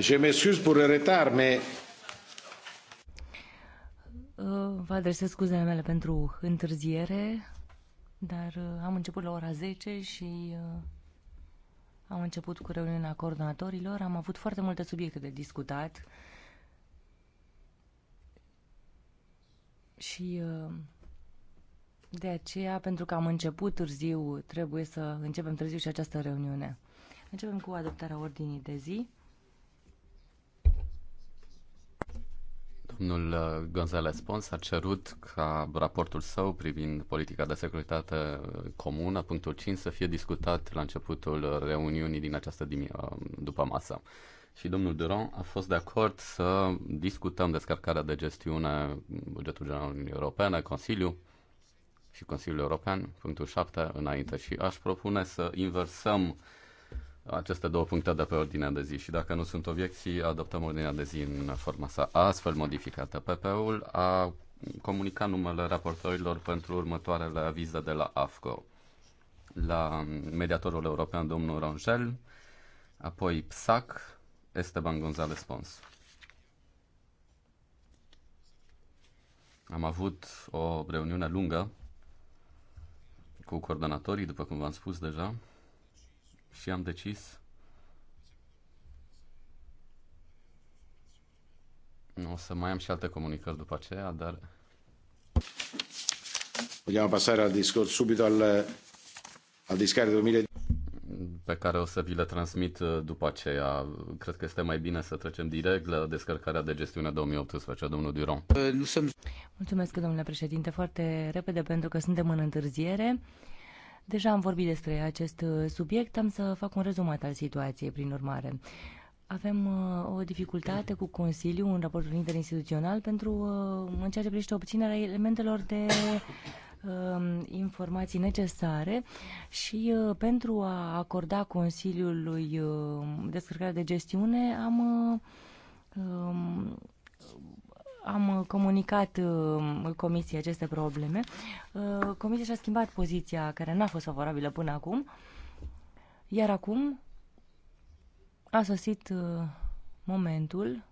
Je m'excuse pour le retard, mais... Uh, vă adresez scuzele mele pentru întârziere, dar uh, am început la ora 10 și uh, am început cu reuniunea coordonatorilor. Am avut foarte multe subiecte de discutat și de aceea, pentru că am început târziu, trebuie să începem târziu și această reuniune. Începem cu adoptarea ordinii de zi. Domnul uh, gonzalez Pons a cerut ca raportul său privind politica de securitate uh, comună, punctul 5, să fie discutat la începutul uh, reuniunii din această după masă. Și domnul Duron a fost de acord să discutăm descărcarea de gestiune mm, bugetul general Uniunii Europene, Consiliu și Consiliul European, punctul 7, înainte. Și aș propune să inversăm uh, aceste două puncte de pe ordinea de zi și dacă nu sunt obiecții, adoptăm ordinea de zi în forma sa astfel modificată. PP-ul a comunicat numele raportorilor pentru următoarele avize de la AFCO. La mediatorul european, domnul Rangel, apoi PSAC, Esteban González Pons. Am avut o reuniune lungă cu coordonatorii, după cum v-am spus deja, și am decis O să mai am și alte comunicări după aceea, dar... Vogliamo passare al discorso subito al, al discare 2000 pe care o să vi le transmit uh, după aceea. Cred că este mai bine să trecem direct la descărcarea de gestiune 2018. Domnul Duron. Uh, Mulțumesc, domnule președinte, foarte repede pentru că suntem în întârziere. Deja am vorbit despre acest uh, subiect, am să fac un rezumat al situației, prin urmare. Avem uh, o dificultate cu Consiliul în raportul interinstituțional pentru, uh, în ceea ce privește obținerea elementelor de uh, informații necesare și uh, pentru a acorda Consiliului uh, descărcarea de gestiune am uh, um, am uh, comunicat uh, comisiei aceste probleme. Uh, comisia și-a schimbat poziția care n-a fost favorabilă până acum, iar acum a sosit uh, momentul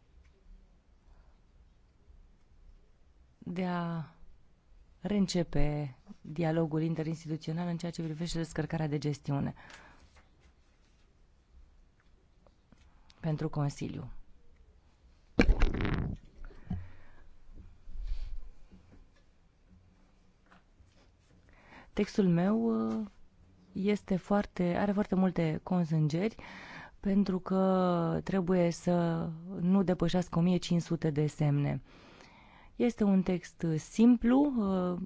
de a reîncepe dialogul interinstituțional în ceea ce privește descărcarea de gestiune pentru Consiliu. Textul meu uh, este foarte, are foarte multe consângeri pentru că trebuie să nu depășească 1500 de semne. Este un text simplu, uh,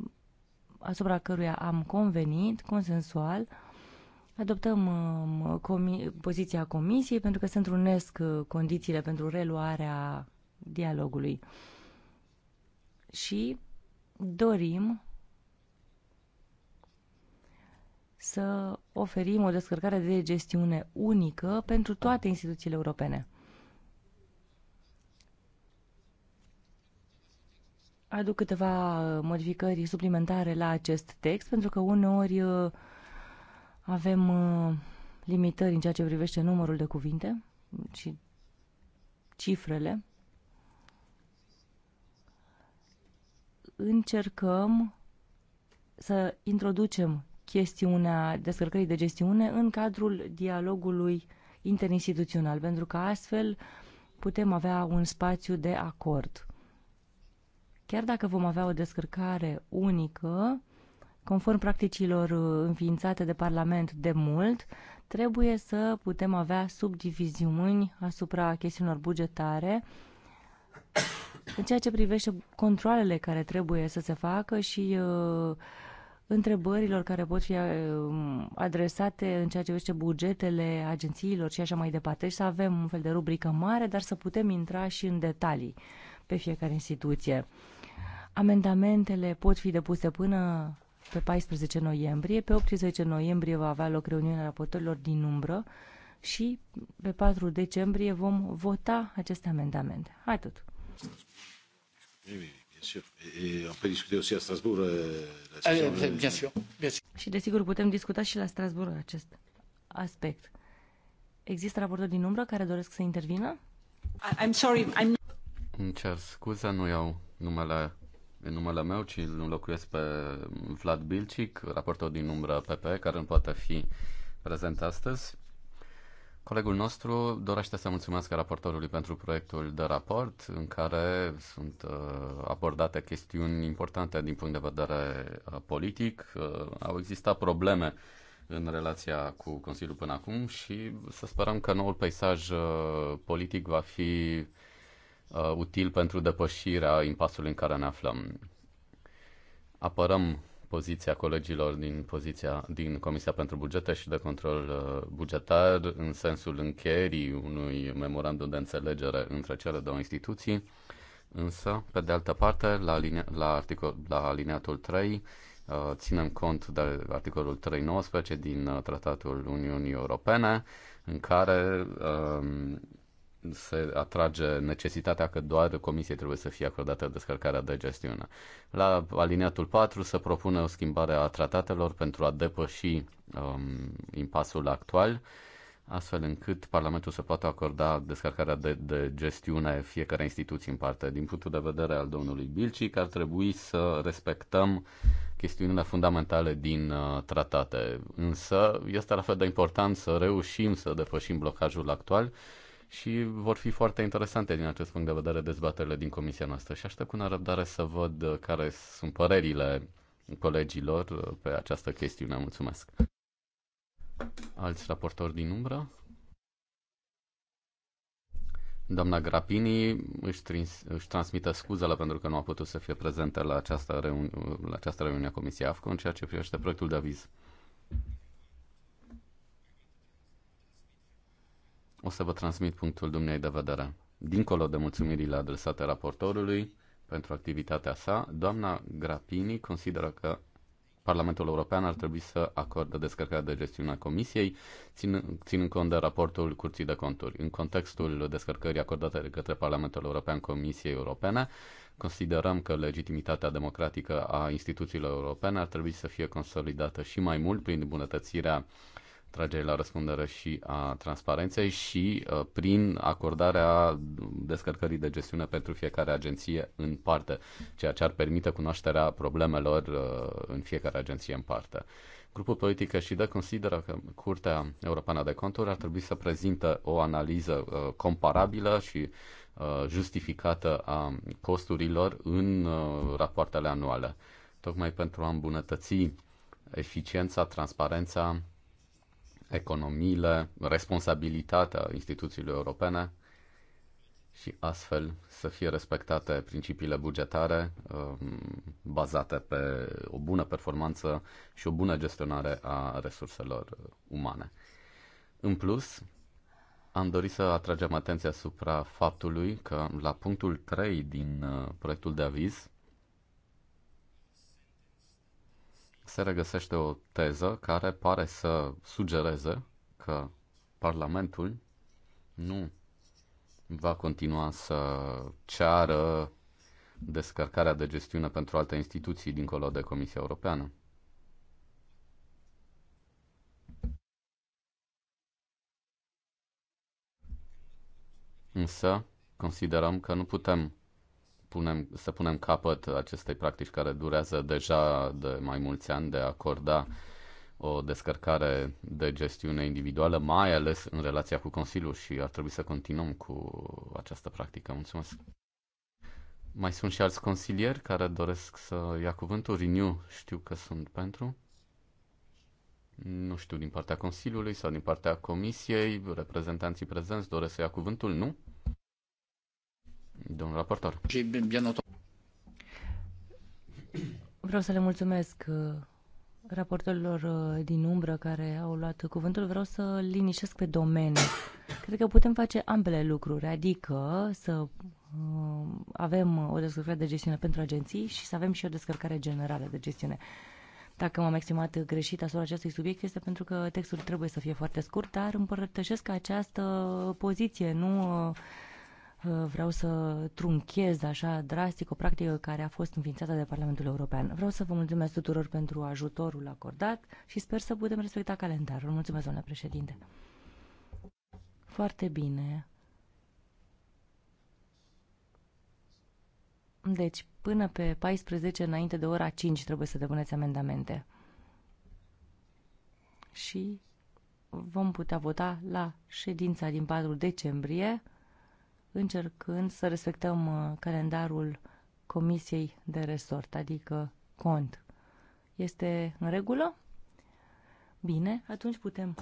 asupra căruia am convenit, consensual. Adoptăm um, comi poziția comisiei pentru că se întrunesc uh, condițiile pentru reluarea dialogului. Și dorim să oferim o descărcare de gestiune unică pentru toate instituțiile europene. Aduc câteva uh, modificări suplimentare la acest text, pentru că uneori uh, avem uh, limitări în ceea ce privește numărul de cuvinte și cifrele. Încercăm să introducem chestiunea descărcării de gestiune în cadrul dialogului interinstituțional, pentru că astfel putem avea un spațiu de acord. Chiar dacă vom avea o descărcare unică, conform practicilor uh, înființate de Parlament de mult, trebuie să putem avea subdiviziuni asupra chestiunilor bugetare în ceea ce privește controlele care trebuie să se facă și uh, întrebărilor care pot fi um, adresate în ceea ce vește bugetele agențiilor și așa mai departe și deci să avem un fel de rubrică mare, dar să putem intra și în detalii pe fiecare instituție. Amendamentele pot fi depuse până pe 14 noiembrie. Pe 18 noiembrie va avea loc reuniunea raportorilor din umbră și pe 4 decembrie vom vota aceste amendamente. Atât. Bine sûr. Et on peut discuter aussi à Strasbourg. Euh, la ah, bien sûr, bien sûr. Și desigur putem discuta și la Strasbourg acest aspect. Există raportori din umbră care doresc să intervină? I- I'm sorry, I'm... Îmi cer scuza, nu iau numele în numele meu, ci îl înlocuiesc pe Vlad Bilcic, raportor din umbră PP, care nu poate fi prezent astăzi. Colegul nostru dorește să mulțumesc raportorului pentru proiectul de raport în care sunt uh, abordate chestiuni importante din punct de vedere uh, politic. Uh, au existat probleme în relația cu Consiliul până acum și să sperăm că noul peisaj politic va fi util pentru depășirea impasului în care ne aflăm. Apărăm poziția colegilor din, poziția, din Comisia pentru Bugete și de Control uh, Bugetar în sensul încheierii unui memorandum de înțelegere între cele două instituții, însă, pe de altă parte, la, aline- la, articol, la alineatul 3, uh, ținem cont de articolul 3.19 din uh, Tratatul Uniunii Europene, în care um, se atrage necesitatea că doar comisiei trebuie să fie acordată descărcarea de gestiune. La aliniatul 4 se propune o schimbare a tratatelor pentru a depăși um, impasul actual, astfel încât Parlamentul să poată acorda descărcarea de, de gestiune fiecare instituție în parte. Din punctul de vedere al domnului Bilcic, ar trebui să respectăm chestiunile fundamentale din uh, tratate. Însă este la fel de important să reușim să depășim blocajul actual și vor fi foarte interesante din acest punct de vedere dezbaterile din comisia noastră și aștept cu nerăbdare să văd uh, care sunt părerile colegilor uh, pe această chestiune. Mulțumesc! Alți raportori din umbră? Doamna Grapini își, trins, își transmită scuzele pentru că nu a putut să fie prezentă la această, reuni- la această reuniune a Comisiei AFCO în ceea ce privește proiectul de aviz. O să vă transmit punctul dumnei de vedere. Dincolo de mulțumirile adresate raportorului pentru activitatea sa, doamna Grapini consideră că Parlamentul European ar trebui să acorde descărcarea de gestiune a Comisiei, țin, ținând cont de raportul Curții de Conturi. În contextul descărcării acordate de către Parlamentul European Comisiei Europene, considerăm că legitimitatea democratică a instituțiilor europene ar trebui să fie consolidată și mai mult prin îmbunătățirea uh, tragerii la răspundere și a transparenței și uh, prin acordarea descărcării de gestiune pentru fiecare agenție în parte, ceea ce ar permite cunoașterea problemelor uh, în fiecare agenție în parte. Grupul politic și de consideră că Curtea Europeană de Conturi ar trebui să prezintă o analiză uh, comparabilă și justificată a costurilor în rapoartele anuale, tocmai pentru a îmbunătăți eficiența, transparența economiile, responsabilitatea instituțiilor europene și astfel să fie respectate principiile bugetare um, bazate pe o bună performanță și o bună gestionare a resurselor umane. În plus, am dorit să atragem atenția asupra faptului că la punctul 3 din uh, proiectul de aviz se regăsește o teză care pare să sugereze că Parlamentul nu va continua să ceară descărcarea de gestiune pentru alte instituții dincolo de Comisia Europeană. Însă, considerăm că nu putem punem, să punem capăt acestei practici care durează deja de mai mulți ani de a acorda o descărcare de gestiune individuală, mai ales în relația cu Consiliul și ar trebui să continuăm cu această practică. Mulțumesc! Mai sunt și alți consilieri care doresc să ia cuvântul. Renew știu că sunt pentru. Nu știu din partea Consiliului sau din partea Comisiei. Reprezentanții prezenți doresc să ia cuvântul, nu? Domnul raportor. Vreau să le mulțumesc uh, raportorilor uh, din umbră care au luat cuvântul. Vreau să linișesc pe domeniu. Cred că putem face ambele lucruri, adică să uh, avem o descărcare de gestiune pentru agenții și să avem și o descărcare generală de gestiune. Dacă m-am exprimat greșit asupra acestui subiect, este pentru că textul trebuie să fie foarte scurt, dar împărtășesc această poziție, nu Uh, vreau să trunchez așa drastic o practică care a fost înființată de Parlamentul European. Vreau să vă mulțumesc tuturor pentru ajutorul acordat și sper să putem respecta calendarul. Mulțumesc, domnule președinte. Foarte bine. Deci, până pe 14, înainte de ora 5, trebuie să depuneți amendamente. Și vom putea vota la ședința din 4 decembrie încercând să respectăm uh, calendarul Comisiei de Resort, adică cont. Este în regulă? Bine, atunci putem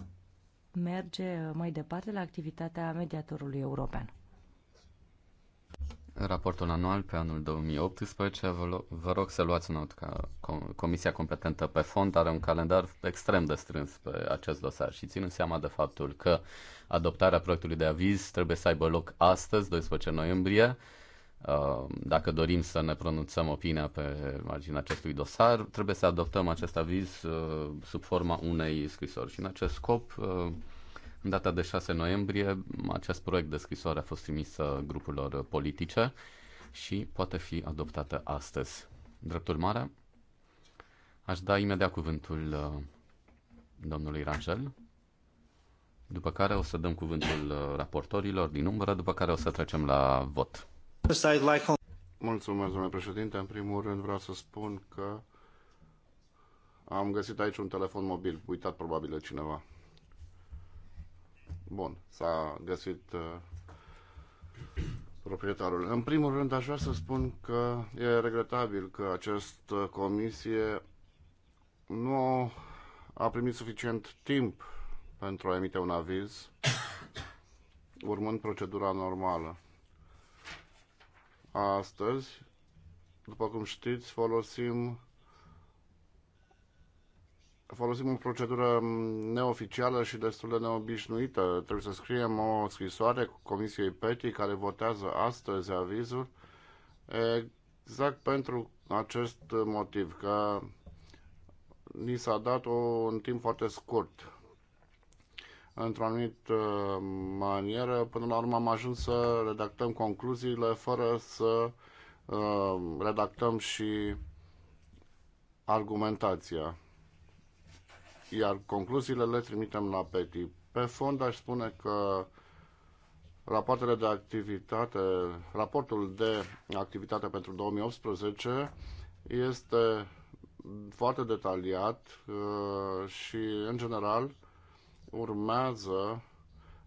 merge uh, mai departe la activitatea mediatorului european raportul anual pe anul 2018. Vă, vă rog să luați not că Comisia competentă pe fond are un calendar extrem de strâns pe acest dosar și ținând seama de faptul că adoptarea proiectului de aviz trebuie să aibă loc astăzi, 12 noiembrie, uh, dacă dorim să ne pronunțăm opinia pe marginea acestui dosar, trebuie să adoptăm acest aviz uh, sub forma unei scrisori. Și în acest scop, uh, în data de 6 noiembrie, acest proiect de scrisoare a fost trimis uh, grupurilor politice și poate fi adoptată astăzi. Drept urmare, aș da imediat cuvântul uh, domnului Rangel, după care o să dăm cuvântul uh, raportorilor din umbră, după care o să trecem la vot. Mulțumesc, domnule președinte. În primul rând vreau să spun că am găsit aici un telefon mobil, uitat probabil de cineva. Bun, s-a găsit uh, proprietarul. În primul rând, aș vrea să spun că e regretabil că această comisie nu a primit suficient timp pentru a emite un aviz, urmând procedura normală. Astăzi, după cum știți, folosim folosim o procedură neoficială și destul de neobișnuită. Trebuie să scriem o scrisoare cu Comisiei PETI care votează astăzi avizul exact pentru acest motiv, că ni s-a dat o, un timp foarte scurt. Într-o anumită manieră, până la urmă am ajuns să redactăm concluziile fără să uh, redactăm și argumentația iar concluziile le trimitem la PETI. Pe fond aș spune că rapoartele de activitate, raportul de activitate pentru 2018 este foarte detaliat uh, și, în general, urmează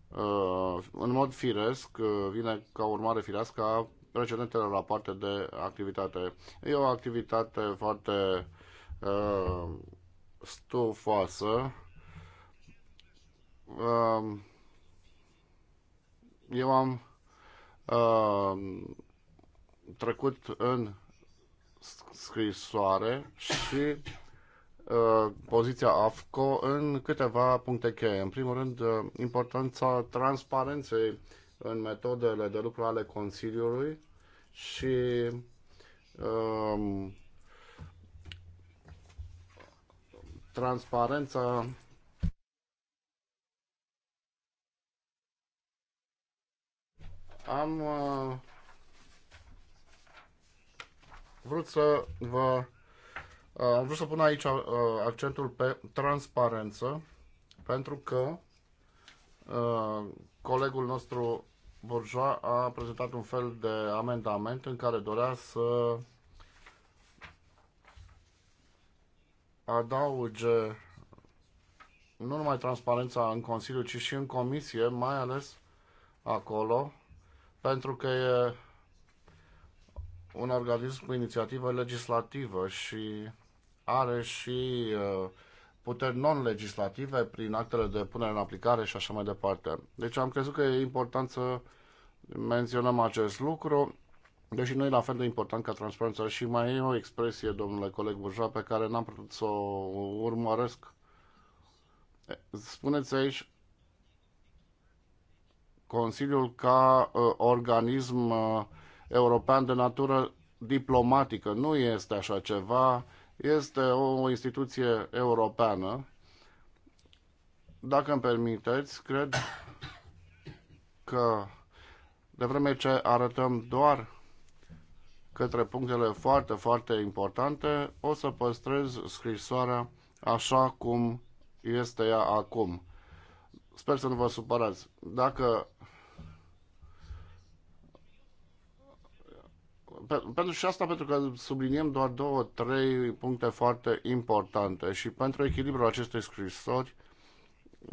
uh, în mod firesc, uh, vine ca urmare firească a precedentele rapoarte de activitate. E o activitate foarte stufoasă. Um, eu am um, trecut în scrisoare și uh, poziția AFCO în câteva puncte cheie. În primul rând, uh, importanța transparenței în metodele de lucru ale Consiliului și um, transparența am uh, vrut să vă uh, am vrut să pun aici uh, accentul pe transparență pentru că uh, colegul nostru Borja a prezentat un fel de amendament în care dorea să adauge nu numai transparența în Consiliu, ci și în Comisie, mai ales acolo, pentru că e un organism cu inițiativă legislativă și are și uh, puteri non-legislative prin actele de punere în aplicare și așa mai departe. Deci am crezut că e important să menționăm acest lucru. Deși nu e la fel de important ca transparența și mai e o expresie, domnule coleg Burja, pe care n-am putut să o urmăresc. Spuneți aici Consiliul ca uh, organism uh, european de natură diplomatică. Nu este așa ceva, este o instituție europeană. Dacă îmi permiteți, cred că de vreme ce arătăm doar către punctele foarte, foarte importante, o să păstrez scrisoarea așa cum este ea acum. Sper să nu vă supărați. Dacă pentru și asta pentru că subliniem doar două, trei puncte foarte importante și pentru echilibrul acestei scrisori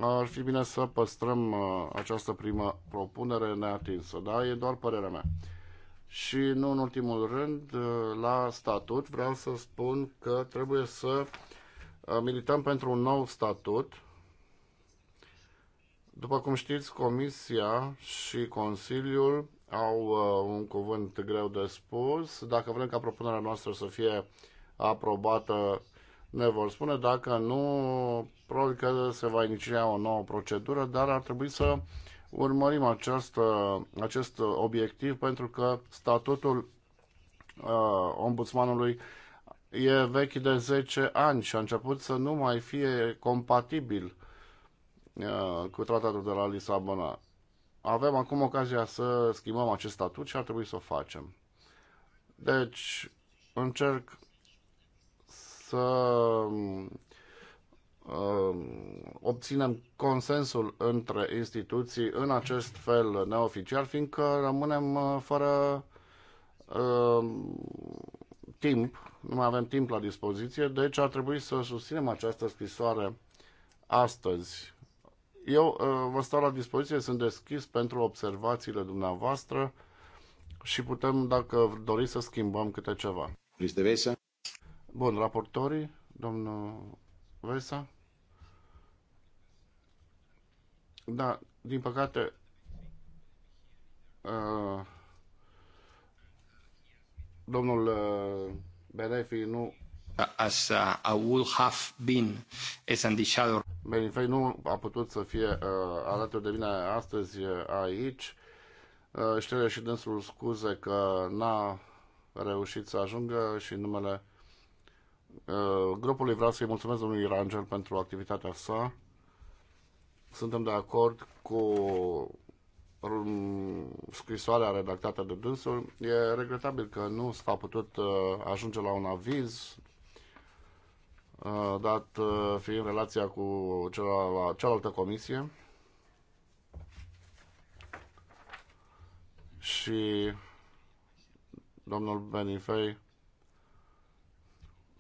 ar fi bine să păstrăm uh, această primă propunere neatinsă, da? E doar părerea mea. Și nu în ultimul rând, uh, la statut vreau să spun că trebuie să uh, milităm pentru un nou statut. După cum știți, Comisia și Consiliul au uh, un cuvânt greu de spus. Dacă vrem ca propunerea noastră să fie aprobată, ne vor spune. Dacă nu, probabil că se va iniția o nouă procedură, dar ar trebui să urmărim acest, acest obiectiv pentru că statutul uh, ombudsmanului e vechi de 10 ani și a început să nu mai fie compatibil uh, cu tratatul de la Lisabona. Avem acum ocazia să schimbăm acest statut și ar trebui să o facem. Deci, încerc să Um, obținem consensul între instituții în acest fel neoficial, fiindcă rămânem uh, fără um, timp, nu mai avem timp la dispoziție, deci ar trebui să susținem această scrisoare astăzi. Eu uh, vă stau la dispoziție, sunt deschis pentru observațiile dumneavoastră și putem, dacă doriți, să schimbăm câte ceva. Bun, raportorii, domnul Vrei să? Da, din păcate, uh, domnul uh, Benefi nu as uh, I would have been as Andy Shadow. Benefi nu a putut să fie uh, alături de mine astăzi uh, aici. Uh, știe și dânsul scuze că n-a reușit să ajungă și numele Uh, grupului vreau să-i mulțumesc domnului Rangel pentru activitatea sa. Suntem de acord cu scrisoarea redactată de dânsul. E regretabil că nu s-a putut uh, ajunge la un aviz uh, dat fiind relația cu cealaltă, comisie. Și domnul Benifei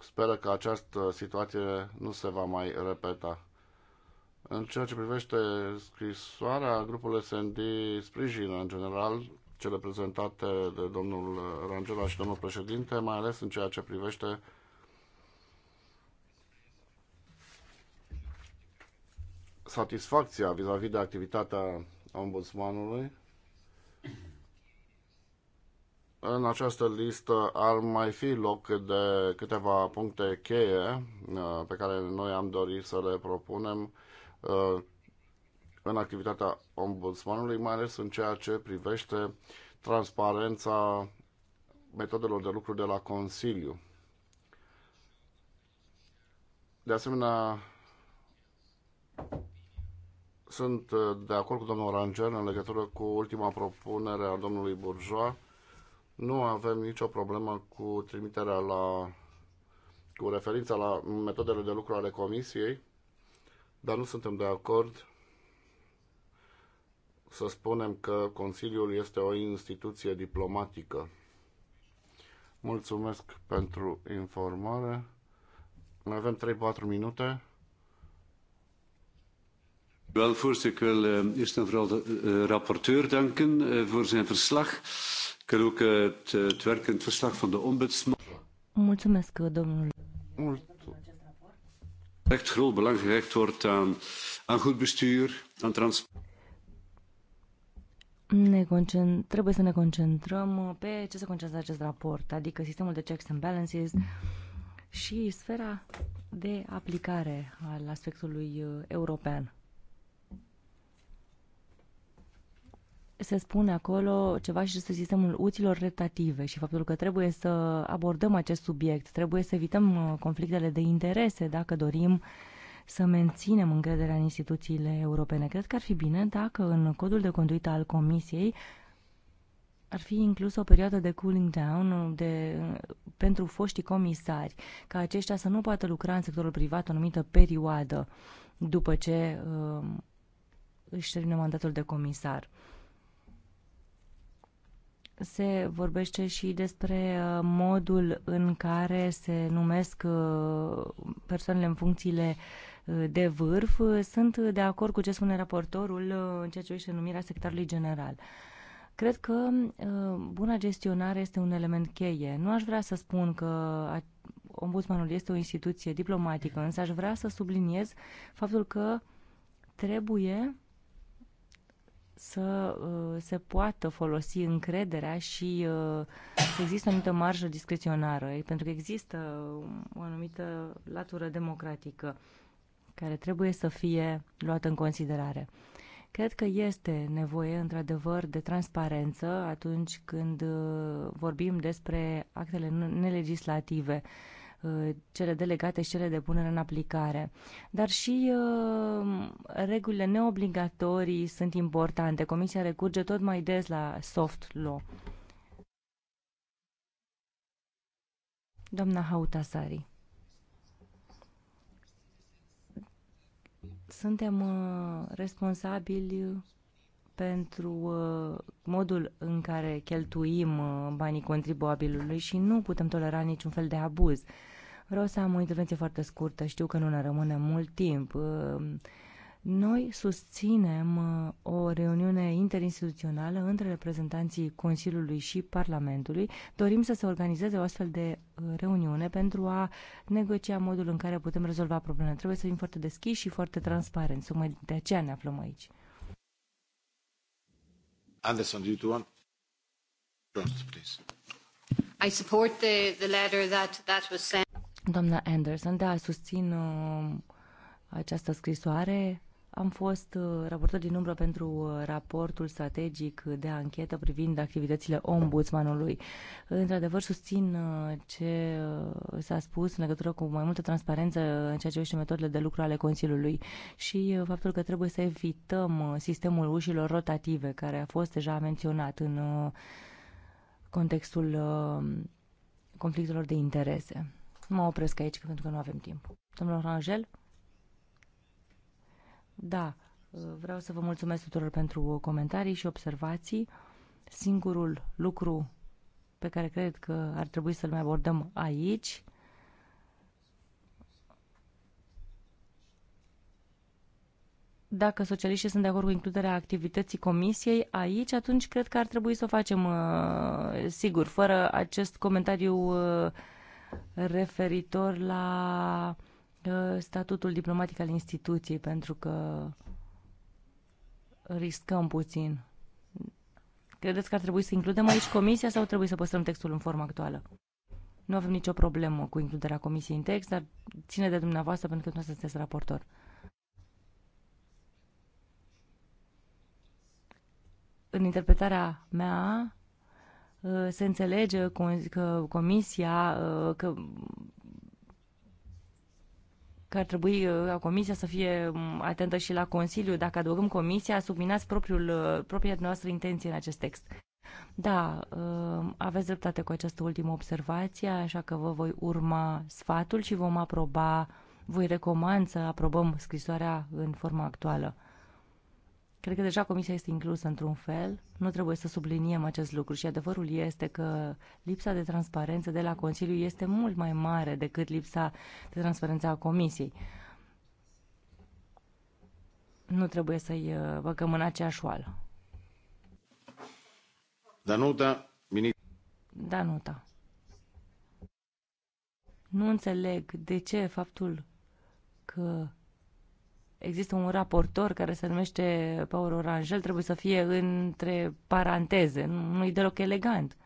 speră că această situație nu se va mai repeta. În ceea ce privește scrisoarea, grupul SND sprijină în general cele prezentate de domnul Rangela și domnul președinte, mai ales în ceea ce privește satisfacția vis-a-vis -vis de activitatea ombudsmanului în această listă ar mai fi loc de câteva puncte cheie uh, pe care noi am dorit să le propunem uh, în activitatea ombudsmanului, mai ales în ceea ce privește transparența metodelor de lucru de la Consiliu. De asemenea, sunt uh, de acord cu domnul Ranger în legătură cu ultima propunere a domnului Bourgeois nu avem nicio problemă cu trimiterea la cu referința la metodele de lucru ale comisiei, dar nu suntem de acord să spunem că Consiliul este o instituție diplomatică. Mulțumesc pentru informare. Mai avem 3-4 minute. Wel, voorzitter, ik wil eh, eerst en vooral de eh, eh, rapporteur danken voor zijn verslag. Eh, Mulțumesc, domnule. Echt groot belang gehecht wordt aan, aan goed bestuur, aan transparanță. Trebuie să ne concentrăm uh, pe ce se concentrează acest raport, adică sistemul de checks and balances și sfera de aplicare al aspectului uh, european. se spune acolo ceva și despre sistemul uților retative și faptul că trebuie să abordăm acest subiect, trebuie să evităm uh, conflictele de interese dacă dorim să menținem încrederea în instituțiile europene. Cred că ar fi bine dacă în codul de conduită al Comisiei ar fi inclusă o perioadă de cooling down uh, de, uh, pentru foștii comisari, ca aceștia să nu poată lucra în sectorul privat o anumită perioadă după ce uh, își termină mandatul de comisar se vorbește și despre uh, modul în care se numesc uh, persoanele în funcțiile uh, de vârf. Sunt de acord cu ce spune raportorul în ceea ce uiște numirea secretarului general. Cred că buna gestionare este un element cheie. Nu aș vrea să spun că ombudsmanul este o instituție diplomatică, însă aș vrea să subliniez faptul că trebuie să uh, se poată folosi încrederea și uh, să există o anumită marjă discreționară, pentru că există o anumită latură democratică care trebuie să fie luată în considerare. Cred că este nevoie, într-adevăr, de transparență atunci când uh, vorbim despre actele nelegislative. Uh, cele delegate și cele de punere în aplicare. Dar și uh, regulile neobligatorii sunt importante. Comisia recurge tot mai des la soft law. Doamna Hautasari. Suntem uh, responsabili pentru modul în care cheltuim banii contribuabilului și nu putem tolera niciun fel de abuz. Vreau să am o intervenție foarte scurtă, știu că nu ne rămâne mult timp. Ehm, noi susținem uh, o reuniune interinstituțională între reprezentanții Consiliului și Parlamentului. Dorim să se organizeze o astfel de uh, reuniune pentru a negocia modul în care putem rezolva problemele. Trebuie să fim foarte deschiși și foarte transparenți. Tocmai de aceea ne aflăm aici. Anderson, do you want? Jones, please. I support the, the letter that, that was sent. Doamna Anderson, da, susțin uh, această scrisoare. Am fost uh, raportor din umbră pentru uh, raportul strategic de anchetă privind activitățile ombudsmanului. Într-adevăr, susțin uh, ce uh, s-a spus în legătură cu mai multă transparență în ceea ce privește metodele de lucru ale Consiliului și uh, faptul că trebuie să evităm sistemul ușilor rotative, care a fost deja menționat în contextul conflictelor de interese. Mă opresc aici pentru că nu avem timp. Domnul Rangel? Da, vreau să vă mulțumesc tuturor pentru comentarii și observații. Singurul lucru pe care cred că ar trebui să-l mai abordăm aici dacă socialiștii sunt de acord cu includerea activității comisiei aici, atunci cred că ar trebui să o facem, uh, sigur, fără acest comentariu uh, referitor la uh, statutul diplomatic al instituției, pentru că riscăm puțin. Credeți că ar trebui să includem aici comisia sau trebuie să păstrăm textul în forma actuală? Nu avem nicio problemă cu includerea comisiei în text, dar ține de dumneavoastră pentru că nu sunteți raportor. În interpretarea mea, Uh, se înțelege că Comisia, uh, că, că ar trebui uh, ca Comisia să fie mm, atentă și la Consiliu. Dacă adăugăm Comisia, subminați propriul, propria noastră intenție în acest text. Da, aveți dreptate cu această ultimă observație, așa că vă voi urma sfatul și vom aproba, voi recomand să aprobăm scrisoarea în forma actuală. Cred că deja comisia este inclusă într-un fel. Nu trebuie să subliniem acest lucru și adevărul este că lipsa de transparență de la Consiliu este mult mai mare decât lipsa de transparență a comisiei. Nu trebuie să-i uh, băgăm în aceeași oală. Danuta, ministru. Danuta. Nu înțeleg de ce faptul că există un raportor care se numește Paul Orangel, trebuie să fie între paranteze, nu e deloc elegant.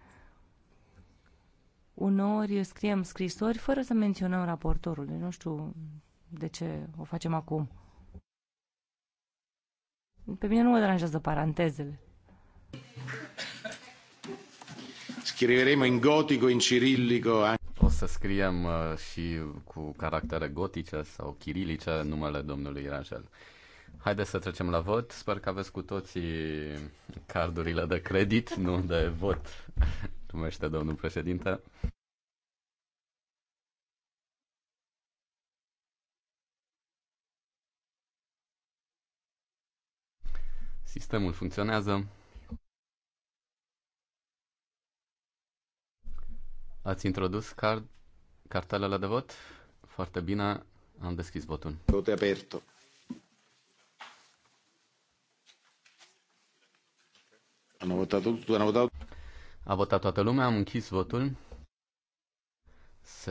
Uneori scriem scrisori fără să menționăm raportorul, deci nu știu de ce o facem acum. Pe mine nu mă deranjează parantezele. Scriveremo in gotico, in cirillico să scriem uh, și cu caractere gotice sau chirilice numele domnului Rangel. Haideți să trecem la vot. Sper că aveți cu toții cardurile de credit, nu de vot, numește domnul președinte. Sistemul funcționează. Ați introdus card, la de vot? Foarte bine, am deschis votul. Vot aperto. Hanno votato tot. hanno votato. A votat toată lumea, am închis votul. Se